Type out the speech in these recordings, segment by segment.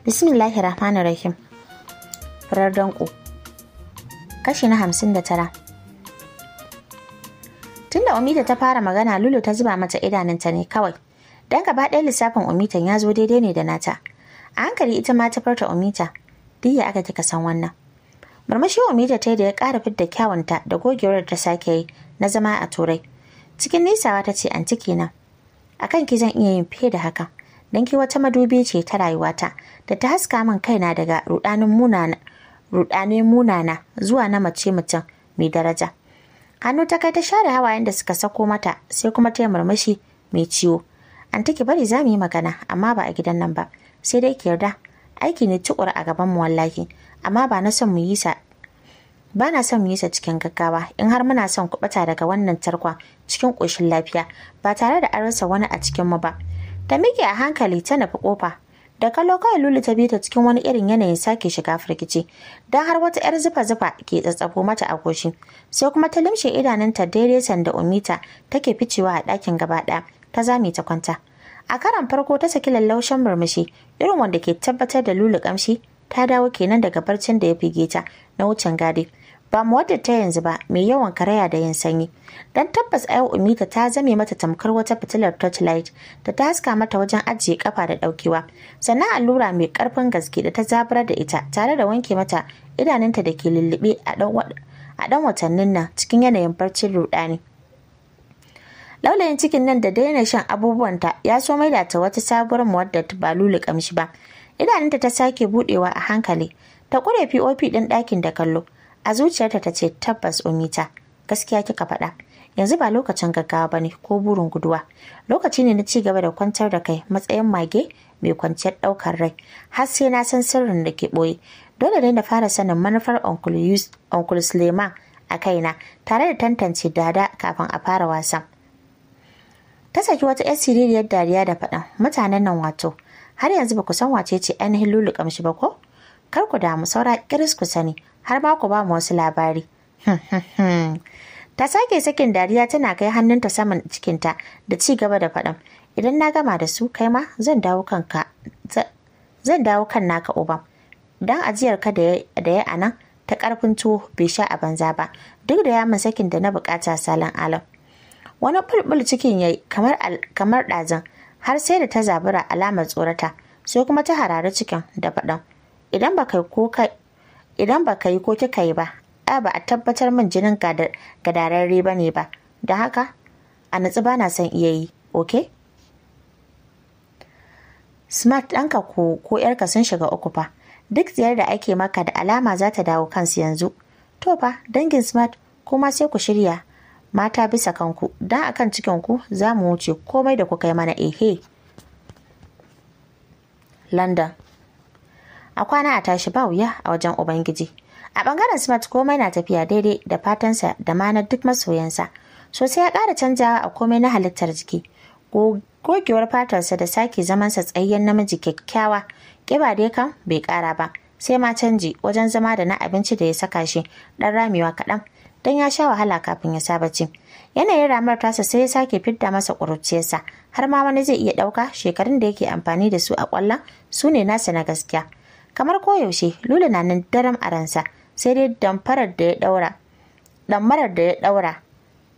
bismillahir rahmanir rahim farar danko kashi na hamsin da tara tunda Omita ta fara magana lulu ta zuba mata idanunta ne kawai don gaba ɗaya lissafin Omita ya zo daidai ne da nata a hankali ita ma ta farta umita biya aka kika san wannan murmushi Omita ta da ya ƙara fidda kyawunta da gogewar da ta sake yi na zama a turai cikin nisawa ta ce an ciki na akan ki zan iya yin fiye da hakan? don ki wata madubi ce ta rayuwata da ta haska min kaina daga rudanin munana zuwa na mace mutum mai daraja hannu ta kai ta share hawayen da suka sako mata sai kuma ta yi murmushi mai ciwo an take bari za mu yi magana amma ba a gidan nan ba sai dai ki yarda aiki ne tukur a gaban mu wallahi amma ba na son mu yi sa ba na son yi sa cikin gaggawa in har muna son kubata daga wannan tarkwa cikin koshin lafiya ba tare da an rasa wani a cikin mu ba ta miƙe a hankali ta nufi ƙofa da kallo kawai lulu ta biyu ta cikin wani irin yanayin sake shiga firgici don har wata 'yar zufa-zufa ke tsatsabo mata a goshi sai kuma ta limshe idanunta daidai sanda umita take ficewa a ɗakin gaba ɗaya ta zame ta kwanta a karan farko ta saki lallaushen murmushi irin wanda ke tabbatar da lulu kamshi ta dawo kenan daga barcin da ya fige ta na wucin gadi ba mu wadda ta yanzu ba mai yawan karaya da yin sanyi Don tabbas ayo umita ta zame mata tamkar wata fitilar torchlight da ta haska mata wajen ajiye kafa da daukewa sannan allura mai karfin gaske da ta zabar da ita tare da wanke mata idanunta da ke lullube a dan watannin nan cikin yanayin barcin rudani laulayin cikin nan da daina shan abubuwanta ya so mai da ta wata sabuwar muwadda ba lulu kamshi ba idanunta ta sake budewa a hankali ta kure pop din dakin da kallo a zuciyarta ta ce tabbas umita gaskiya kika faɗa yanzu ba lokacin gaggawa ba ne ko burin guduwa lokaci ne na ci gaba da kwantar da kai matsayin mage mai kwanciyar ɗaukar rai har sai na san sirrin da ke ɓoye dole ne na fara sanin manufar uncle suleiman a kaina tare da tantance dada kafin a fara wasan ta saki wata 'yar siririyar dariya da faɗan mutanen nan wato har yanzu ba ku san wace ce ainihin lulu kamshi ba ko kar ku damu saura kiris ku sani har ma ku ba mu wasu labari ta sake sakin dariya tana kai hannunta saman cikinta da ci gaba da faɗan idan na gama da su kai ma zan dawo kanka zan dawo kan naka uban dan ajiyar ka da ya anan ta karfin tuwo bai sha a banza ba duk da yamin sakin da na bukata salon alam wani bulbul cikin yayi kamar kamar dazan har sai da ta zabura alamar tsorata sai kuma ta harare cikin da faɗan idan ba kai ko idan ba kai ko kika yi ba a ba a tabbatar min jinin gadararre ba ne ba da haka a natsu ba na son iya yi ok smart ɗanka ko ko yarka sun shiga uku fa duk ziyar da ake maka da alama za ta dawo kansu yanzu to fa dangin smart kuma sai ku shirya mata bisa kanku don akan cikinku za mu wuce komai da kuka yi mana ehe london a kwana a tashi ba wuya a wajen ubangiji a bangaren smart komai na tafiya daidai da fatansa da manar duk masoyansa sosai ya ƙara canjawa a komai na halittar jiki gogewar fatarsa da sake zamansa tsayayyen namiji kyakkyawa ƙiba dai kan bai ƙara ba sai ma canji wajen zama da na abinci da ya saka shi ɗan ramewa kaɗan don ya sha wahala kafin ya saba ci yanayin ramar tasa sai ya sake fidda masa ƙuruciyarsa har ma wani zai iya ɗauka shekarun da yake amfani da su a ƙwallon su ne nasa na gaskiya kamar koyaushe lula na nan daram a ransa sai dai damfarar da ya daura damarar da ya daura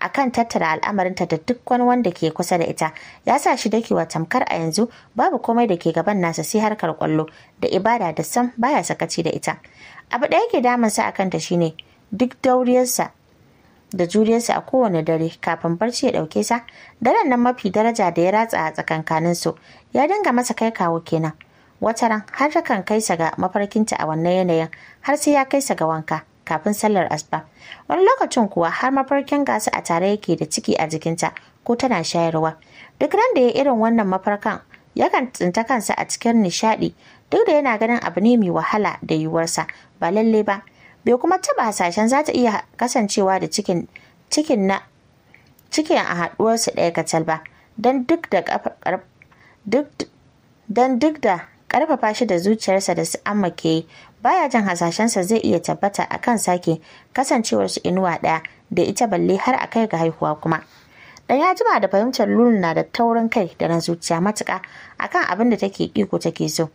a kan tattara al'amarinta da duk wani wanda ke kusa da ita ya sa shi dakewa tamkar a yanzu babu komai da ke gaban nasa sai harkar kwallo da ibada da sam baya sakaci da ita abu ɗaya ke sa a ta shine duk dauriyarsa da juriyarsa a kowane dare kafin barci ya dauke sa daren nan mafi daraja da ya ratsa a tsakankaninsu ya dinga masa kai kawo kenan Wata ran, har takan kai sa ga mafarkinta a wannan yanayin har sai ya kai sa ga wanka kafin sallar asuba wani lokacin kuwa har mafarkin gasa a tare yake da ciki a jikinta ko tana shayarwa duk ran da ya irin wannan mafarkan yakan tsinta kansa a cikin nishaɗi duk da yana ganin abu ne mai wahala da yiwuwarsa ba lalle ba bai kuma taba hasashen za ta iya kasancewa da cikin cikin na cikin a haɗuwarsu ɗaya kacal ba don duk da don duk da karfafa shi da zuciyarsa da su amake ke baya jin hasashensa zai iya tabbata a kan sake kasancewar su inuwa ɗaya da ita balle har a kai ga haihuwa kuma dan ya jima da fahimtar lulu na da taurin kai da na zuciya matuka akan abin da take iko take so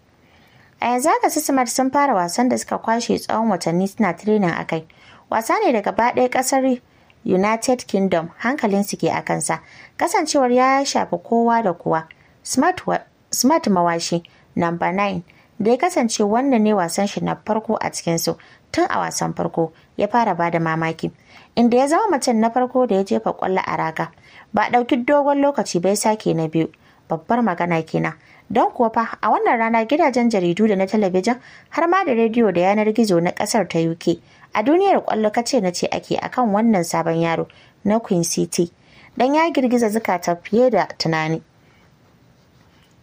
a yanzu haka sisimar sun fara wasan da suka kwashe tsawon watanni suna training akai. wasa ne daga ɗaya ƙasar united kingdom hankalin su ke a kansa kasancewar ya shafi kowa da kowa smart mawashi namba 9 da ya kasance wannan ne wasan shi na farko a cikinsu tun a wasan farko ya fara ba da mamaki inda ya zama macen na farko da ya jefa kwallo a raga ba ɗauki dogon lokaci bai sake na biyu babbar magana kenan don kuwa fa a wannan rana gidajen jaridu da na talabijin har ma da rediyo da yanar gizo na ƙasar ta uk a duniyar kwallo kace na ce ake akan wannan sabon yaro na queen city dan ya girgiza zukata fiye da tunani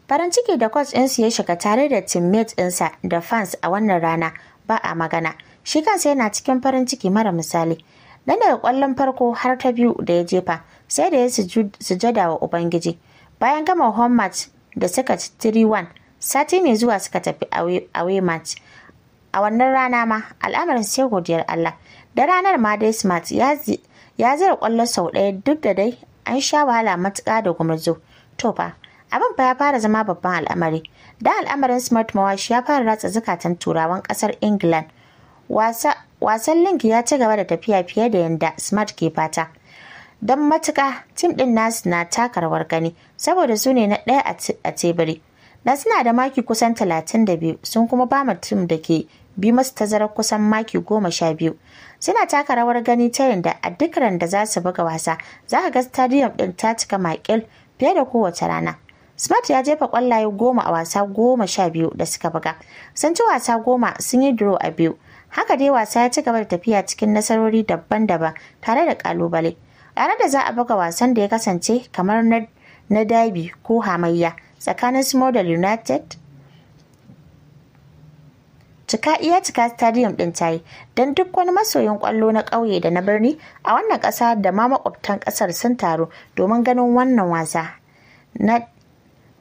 Farin ciki da coach ɗinsu ya shiga tare da timmet ɗinsa da fans a wannan rana ba a magana. Shi kansa yana cikin farin ciki mara misali. Dan daga kwallon farko har ta biyu da ya jefa sai da ya sujada wa Ubangiji. Bayan gama home match da suka ci 3-1 sati mai zuwa suka tafi away match. A wannan rana ma al'amarin sai godiyar Allah. Da ranar ma dai Smart ya zira kwallo sau ɗaya duk da dai an sha wahala matuƙa da gumurzo. To fa abin ba ya fara zama babban al'amari da al'amarin smart mawashi ya fara ratsa zukatan turawan kasar england wasan link ya ci gaba da tafiya fiye da yadda smart ke fata don matuka tim din nasu na taka rawar gani saboda su ne na ɗaya a teburi na suna da maki kusan 32 sun kuma ba tim da ke bi masu tazarar kusan maki goma sha biyu suna taka rawar gani ta yadda a duk da za su buga wasa za ka ga stadium din ta cika makil fiye da kowace rana Smart ya jefa kwallaye goma a wasa goma sha biyu da suka buga. Sun ci wasa goma sun yi draw a biyu. Haka dai wasa ya ci gaba da tafiya cikin nasarori daban-daban tare da kalubale. tare da za a buga wasan da ya kasance kamar na, na ko hamayya tsakanin Smodel United Cika iya cika stadium ɗin tayi yi don duk wani masoyin kwallo na ƙauye da na birni a wannan ƙasa da ma makwabtan ƙasar sun taru domin ganin wannan wasa na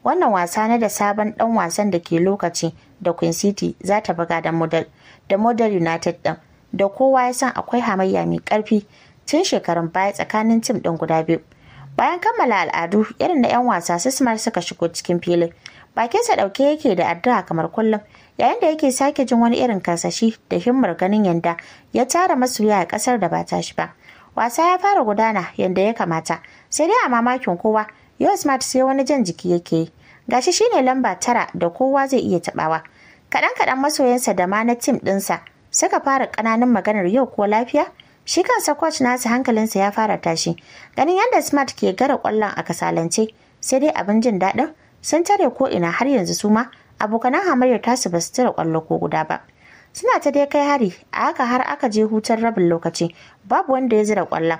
wannan wasa na da sabon dan wasan da ke lokaci da queen city za ta buga da model da model united din da kowa ya san akwai hamayya mai karfi tun shekarun baya tsakanin tim din guda biyu bayan kammala al'adu irin na 'yan wasa sismar suka shigo cikin filin bakinsa dauke yake da addu'a kamar kullum yayin da yake sake jin wani irin kasashi da himmar ganin yanda ya tara masoya a kasar da ba ta shi ba wasa ya fara gudana yanda ya kamata sai dai a mamakin kowa yau smart sai wani jan jiki yake yi gashi shine lamba tara da kowa zai iya tabawa kaɗan-kaɗan masoyansa da ma na tim ɗinsa suka fara ƙananan maganar yau ko lafiya shi kansa coach nasa hankalinsa ya fara tashi ganin yadda smart ke gara kwallon a kasalance sai dai abin jin daɗin sun tare ko ina har yanzu su ma abokanan hamayyar tasu ba su tare kwallo ko guda ba suna ta dai kai hari a haka har aka je hutar rabin lokaci babu wanda ya zira kwallon.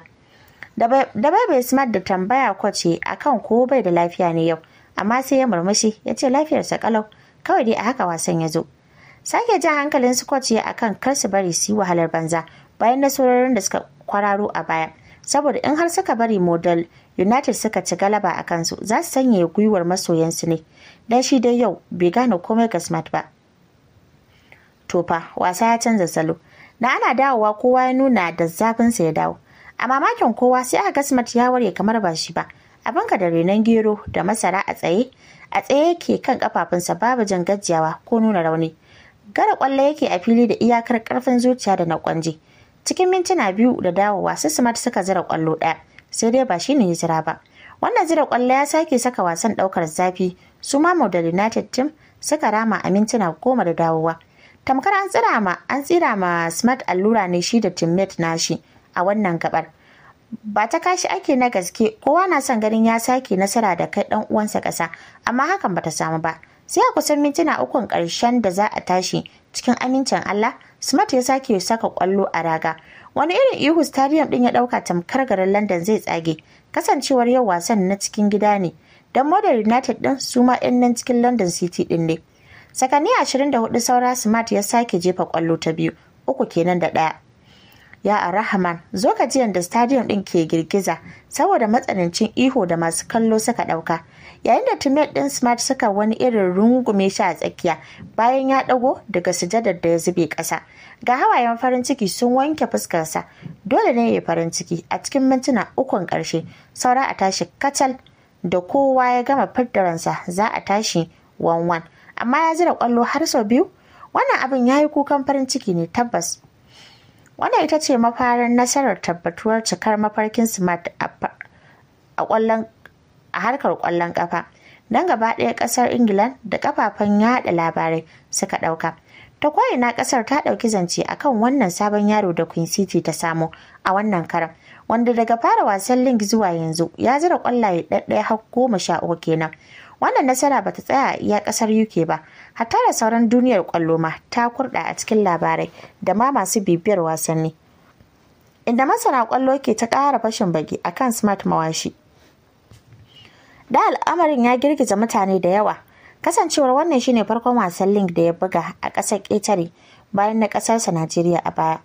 da bai smart da tambaya coach akan ko bai da lafiya ne yau amma sai ya murmushi ya ce lafiyarsa kalau kawai dai a haka wasan ya zo sake jan hankalin Scott ya akan kar su bari su yi wahalar banza bayan nasarorin da suka kwararo a baya saboda in har suka bari model united suka ci galaba a kansu za su sanya gwiwar masoyansu ne dan shi dai yau bai gane komai ga smart ba tofa wasa ya canza salo na ana dawowa kowa ya nuna da zafinsa ya dawo a mamakin kowa sai aka ga smart ya ware kamar ba shi ba abinka da renon gero da masara a tsaye a tsaye yake kan kafafunsa babu jan gajiyawa ko nuna rauni gara kwallo yake a fili da iyakar karfin zuciya da na kwanje cikin mintuna biyu da dawowa su smart suka zira kwallo ɗaya sai dai ba shine ya jira ba wannan zira kwallo ya sake saka wasan ɗaukar zafi su ma da united team suka rama a mintuna goma da dawowa tamkar an tsira ma an tsira ma smart allura ne shi da teammate nashi a wannan gabar ba ta kashi ake na gaske kowa na son ganin ya sake nasara da kai dan uwansa kasa amma hakan bata samu ba sai a kusan mintuna ukun karshen da za a tashi cikin amincin Allah Smart ya sake saka kwallo a raga wani irin ihu stadium din ya dauka tamkar garin London zai tsage kasancewar yau wasan na cikin gida ne dan Modern United din su ma yan nan cikin London City din ne sakani 24 saura Smart ya sake jefa kwallo ta biyu uku kenan da daya ya arahman zo ka jiyan da stadium din ke girgiza saboda matsanancin iho da masu kallo suka dauka yayin da timet din smart suka wani irin rungume shi a tsakiya bayan ya dago daga sujadar da ya zube kasa ga hawayen farin ciki sun wanke fuskarsa dole ne ya farin ciki a cikin mintuna ukun karshe saura a tashi kacal da kowa ya gama fiddaransa za a tashi wanwan amma ya zira kwallo har sau biyu wannan abin ya yi kukan farin ciki ne tabbas Wannan ita ce mafarin nasarar tabbatuwar cikar mafarkin Smart a harkar ƙwallon ƙafa. Don gaba ɗaya ƙasar Ingila da kafafen yaɗa labarai suka ɗauka. Ta ko'ina ƙasar ta ɗauki zance akan wannan sabon yaro da Queen City ta samu a wannan karan. Wanda daga fara wasan link zuwa yanzu ya zira kwallaye ɗaya har goma sha uku kenan. wannan nasara bata tsaya a iya kasar UK ba hatta da sauran duniyar kwallo ma ta kurda a cikin labarai da ma masu bibiyar wasanni inda masana kwallo ke ta ƙara fashin baki akan smart mawashi da al'amarin ya girgiza mutane da yawa kasancewar wannan shine farkon wasan link da ya buga a ƙasar ƙetare bayan na ƙasarsa najeriya a baya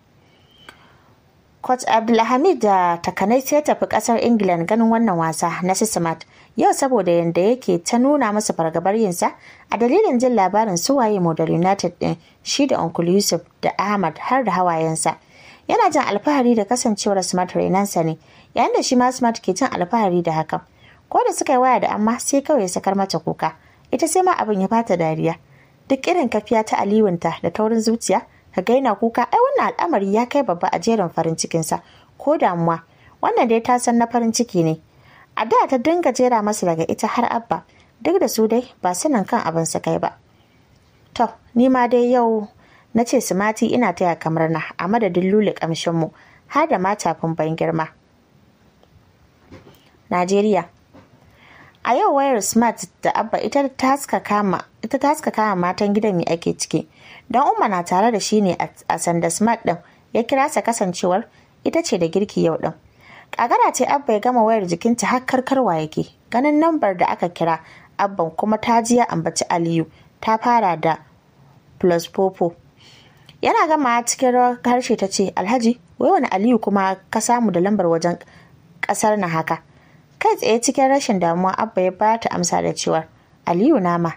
coach abdulhamid da takanai sai tafi ƙasar england ganin wannan wasa na sismat yau saboda yadda yake ta nuna masa fargabar yinsa a dalilin jin labarin suwaye model united din shi da uncle yusuf da ahmad har da hawayensa yana jin alfahari da kasancewar smart renansa ne yayin da shi ma smart ke jin alfahari da hakan ko da suka yi waya da amma sai kawai ya sakar mata kuka ita sai ma abin ya fata dariya duk irin kafiya ta aliwinta da taurin zuciya ka gaina kuka ai wannan al'amari ya kai babba a jerin farin cikinsa ko damuwa wannan dai ta san na farin ciki ne a da ta dinga jera masa daga ita har abba duk da su dai ba sanin kan abin su kai ba to ni ma dai yau na ce su mati ina taya kamar na a madadin lule kamshinmu har da ma tafin ban girma najeriya a yau wayar smart da abba ita ta haska kama matan gidan mai ake ciki don umma na tare da shi ne a sanda smart din ya kira sa kasancewar ita ce da girki yau din kagara ce Abba ya gama wayar jikinta har karkarwa yake. Ganin nambar da aka kira Abban kuma ta ji ya ambaci Aliyu ta fara da plus popo. Yana gama cikin rawar harshe ta ce Alhaji wai wani Aliyu kuma ka samu da lambar wajen ƙasar na haka. Kai tsaye cikin rashin damuwa Abba ya bata amsa da cewar Aliyu nama.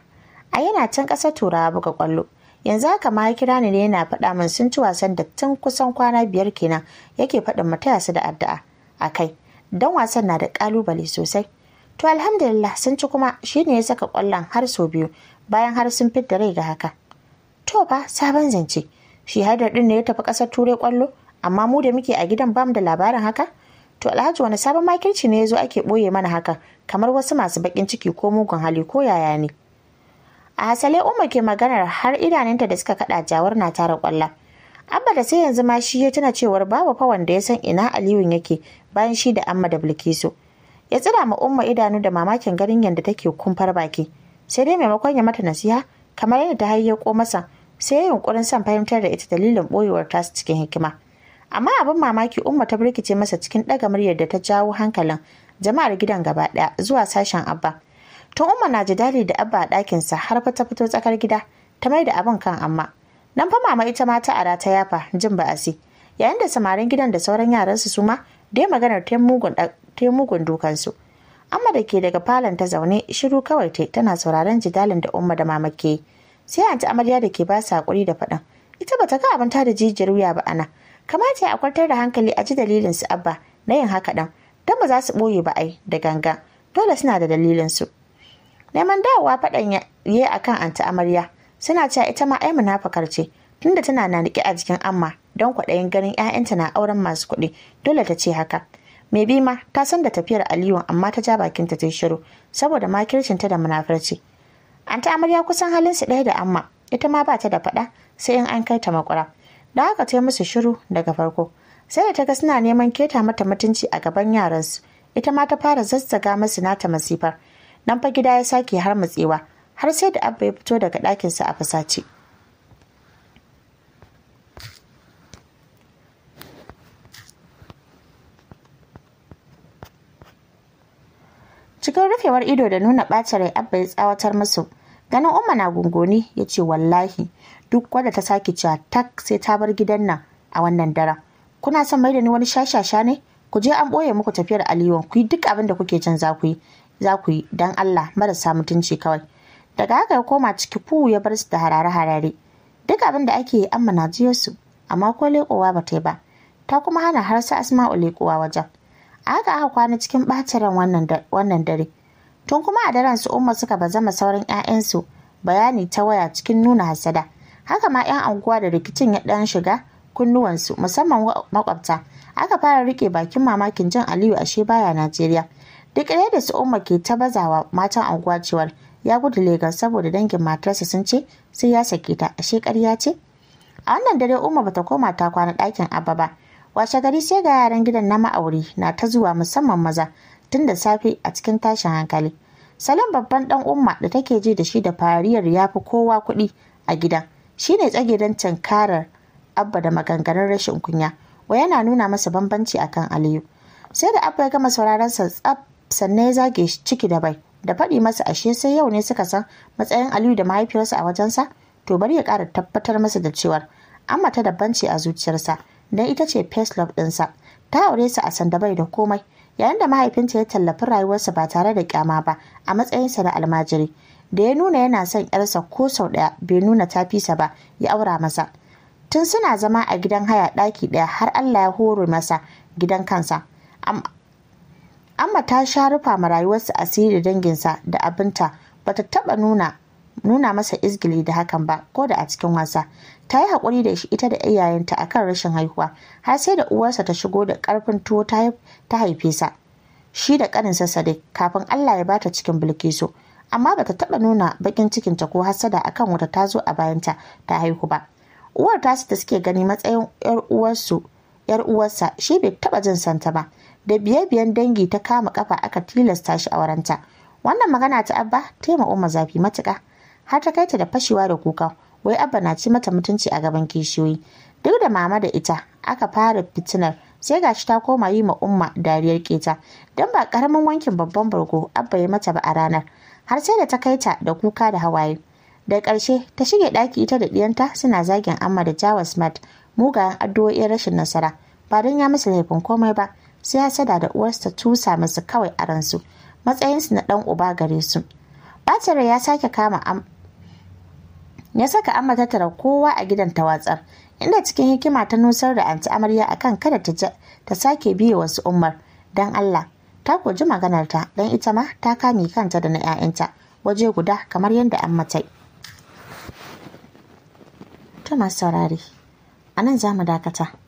A yana can ƙasar Turawa buga kwallo yanzu haka ma ya kira ni ne yana faɗa min sun ci wasan da tun kusan kwana biyar kenan yake faɗin mu taya su da addu'a a kai don wasan na da kalubale sosai to alhamdulillah sun ci kuma shine ya saka kwallon har sau biyu bayan har sun fidda rai ga haka to fa sabon zance shi haidar din ne ya tafi ƙasar turai kwallo amma mu da muke a gidan bamu da labarin haka to alhaji wani sabon makirci ne ya zo ake ɓoye mana haka kamar wasu masu baƙin ciki ko mugun hali ko yaya ne a hasale umar ke maganar har idanunta da suka kaɗa jawar na tara kwallon Abba da sai yanzu ma shi ya tana cewar babu fa wanda ya san ina Aliyun yake bayan shi da Amma da Bilkisu. Ya tsira ma Umma idanu da mamakin ganin yadda take kumfar baki. Sai dai maimakon ya mata nasiha kamar yadda ta hayyako masa sai ya yunkurin son fahimtar da ita dalilin boyewar tasu cikin hikima. Amma abin mamaki Umma ta birkice masa cikin ɗaga muryar da ta jawo hankalin jama'ar gidan gaba ɗaya zuwa sashen Abba. Tun Umma na ji jidali da Abba a ɗakinsa har fa ta fito tsakar gida ta mai da abin kan amma. nan fa mama ita ma ta ara ta yafa jin ba'asi yayin da samarin gidan da sauran yaran su ma dai maganar ta mugun dukansu amma da ke daga falon ta zaune shiru kawai ta tana sauraron jidalin da umma da mama ke sai anti amarya da ke ba su hakuri da faɗan ita bata ga abin da jijiyar wuya ba ana kamata a kwantar da hankali a ji dalilin su abba na yin haka dan dan ba za su ɓoye ba ai da ganga dole suna da dalilin su neman dawowa faɗan ya yi akan anti amarya suna cewa ita ma ai munafakar ce tunda tana na a jikin amma don kwaɗayin ganin 'ya'yanta na auren masu kuɗi dole ta ce haka mai bi ma ta san da tafiyar aliyu amma ta ja bakin ta shiru saboda ta da munafurci an ta amarya kusan halin su ɗaya da amma ita ma ba ta da faɗa sai in an kai ta makura da haka ta yi musu shiru daga farko sai da ta ga suna neman keta mata mutunci a gaban yaransu ita ma ta fara zazzaga masu nata masifar nan fa gida ya sake har matsewa har sai da abba ya fito daga ɗakinsa a fasace cikin rufewar ido da nuna ɓacin rai abba ya tsawatar masu ganin umma na gungoni ya ce wallahi duk wadda ta sake cewa tak sai ta bar gidan nan a wannan daren kuna son mai da ni wani shashasha ne ku je an ɓoye muku tafiyar aliyuwan ku yi duk abin da kuke jin za ku yi za ku yi don allah marasa mutunci kawai daga haka ya koma ciki fu ya bar su da harare-harare duk abin da ake yi amma na jiyo su amma ko lekowa ba ta yi ba ta kuma hana har su asma'u lekowa wajen a haka aka kwana cikin ɓacin wannan dare tun kuma a daren su umma suka zama sauran 'ya'yansu bayani ta waya cikin nuna hasada haka ma 'yan anguwa da rikicin ya ɗan shiga kunnuwansu musamman makwabta aka fara rike bakin mamakin jan aliyu ashe baya najeriya duk da su umma ke ta bazawa matan anguwa cewar ya gudu Legas saboda dangin matarsa sun ce sai ya sake ta ashe ƙarya ce a wannan dare Umma bata koma ta kwana ɗakin Abba ba washe gari sai ga yaran gidan na ma'auri na ta zuwa musamman maza tun da safe a cikin tashin hankali salon babban dan umma da take ji da shi da fariyar ya fi kowa kuɗi a gidan shine tsage don cinkarar abba da maganganun rashin kunya wa yana nuna masa bambanci akan aliyu sai da abba ya gama sauraron sa tsab sannan ya zage ciki da bai da faɗi masa ashe sai yau ne suka san matsayin aliyu da mahaifiyarsa a wajensa to bari ya ƙara tabbatar masa da cewar amma ta daban ce a zuciyarsa don ita ce first love ɗinsa ta aure sa a sanda bai da komai yayin da mahaifinta ya tallafi rayuwarsa ba tare da kyama ba a matsayinsa na almajiri da ya nuna yana son yarsa ko sau ɗaya bai nuna tafisa ba ya aura masa tun suna zama a gidan haya ɗaki ɗaya har allah ya horo masa gidan kansa amma ta sha rufa ma rayuwarsa asiri da danginsa da abinta bata taba nuna nuna masa izgili da hakan ba ko da a cikin wasa ta yi haƙuri da shi ita da iyayenta akan rashin haihuwa har sai da uwarsa ta shigo da ƙarfin tuwo ta haife sa shi da ƙaninsa sadiq kafin allah ya bata cikin bilkisu amma bata taba nuna bakin cikinta ko hasada akan wata ta zo a bayanta ta haihu ba uwar tasu da suke gani matsayin yar yar uwarsa shi bai taba jin santa ba da biye-biyen dangi ta kama kafa aka tilasta shi a wurinta. wannan magana ta abba taima umma zafi matuka har ta kai ta da fashewa da kuka wai abba na ci mata mutunci a gaban kishiyoyi duk da mama da ita aka fara fitinar sai gashi ta koma yi ma umma dariyar keta don ba karamin wankin babban bargo abba ya mata ba a ranar har sai da ta kai ta da kuka da hawaye da ƙarshe ta shige ɗaki ita da ɗiyanta suna zagin amma da jawa smart mugayen addu'o'in rashin nasara ba don ya musu laifin komai ba sai sada da uwarsa tusa masu kawai a ransu matsayinsu na dan uba gare su bacare ya sake kama am ya saka amma tara kowa a gidan ta watsar. inda cikin hikima ta nusar da anti amarya akan kada ta ta sake biye wasu umar dan Allah ta koji maganar ta dan ita ma ta kame kanta da na 'ya'yanta waje guda kamar yadda amma ta yi ta masu saurare a nan za mu dakata